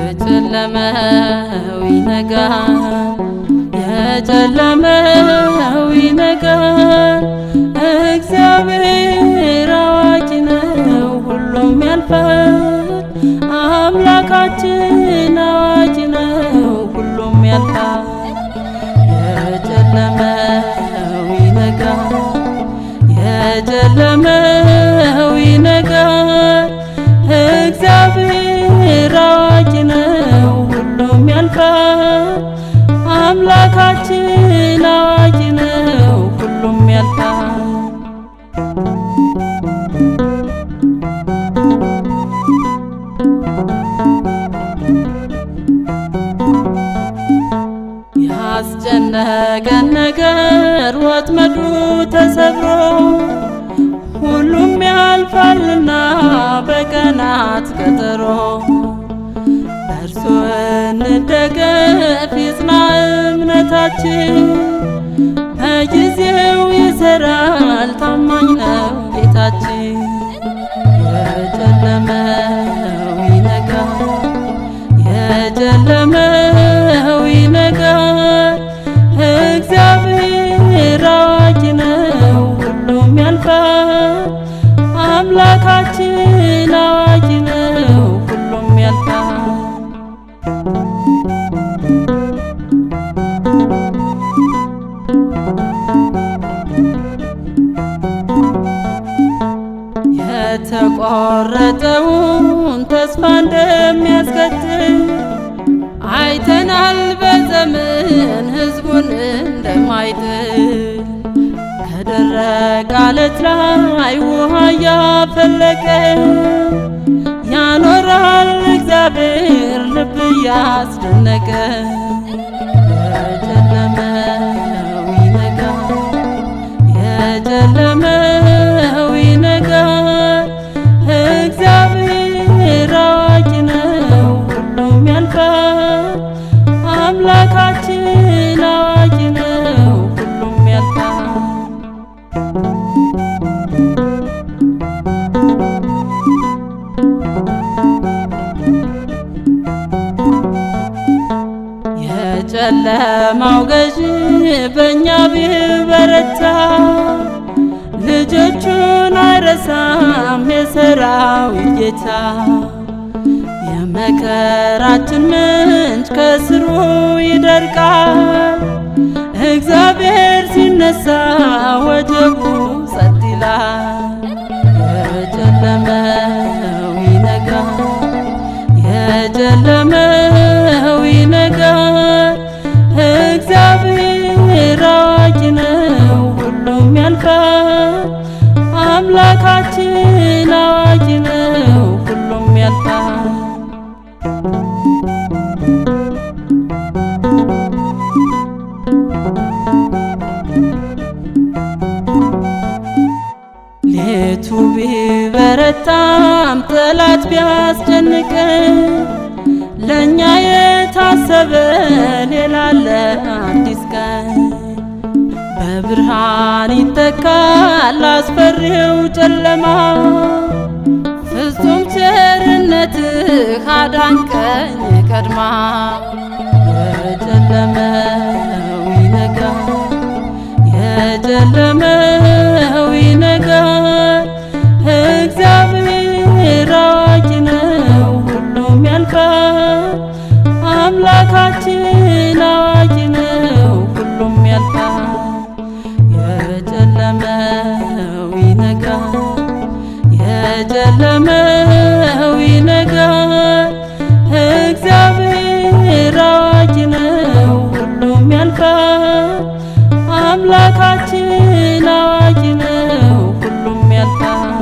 የጨለመው ይነጋል፣ የጨለመው ይነጋል እግዚአብሔር ፈቃድ አምላካችን አዋጅ ነው። ባስጨነቀን ነገር ወጥመዱ ተሰብሮ ሁሉም ያልፋልና በቀናት ቀጠሮ በእርሱ እንደገፍ ይጽና እምነታችን በጊዜው ይሰራል ታማኝ ነው ጌታችን። አምላካችን አዋጅ ነው። በአለት ላይ ውሃ እያፈለቀ ያኖራል እግዚአብሔር ልብ እያስደነቀ ጨለማው ገዥ በእኛ ቢበረታ ልጆቹን አይረሳም የሰራዊት ጌታ። የመከራችን ምንጭ ከስሩ ይደርቃል። እግዚአብሔር ሲነሳ ወጀቡ ጸጥ ይላል። የጨለመው ይነጋል። የጨለመ አምላካችን አዋቂ ነው፣ ሁሉም ያልፋል። ሌቱ ቢበረታም ጠላት ቢያስጨንቅ ለእኛ የታሰበ ሌላ አለ አዲስ ቀን በብርሃን ይተካል አስፈሪው ጨለማ። ፍጹም ቸርነትህ አዳንከኝ ቀድማ። የጨለመው ይነጋል የጨለመ የጨለመው ይነጋል፣ የጨለመው ይነጋል። እግዚአብሔር አዋጅ ነው፣ ሁሉም ያልፋል። አምላካችን አዋጅ ነው፣ ሁሉም ያልፋል።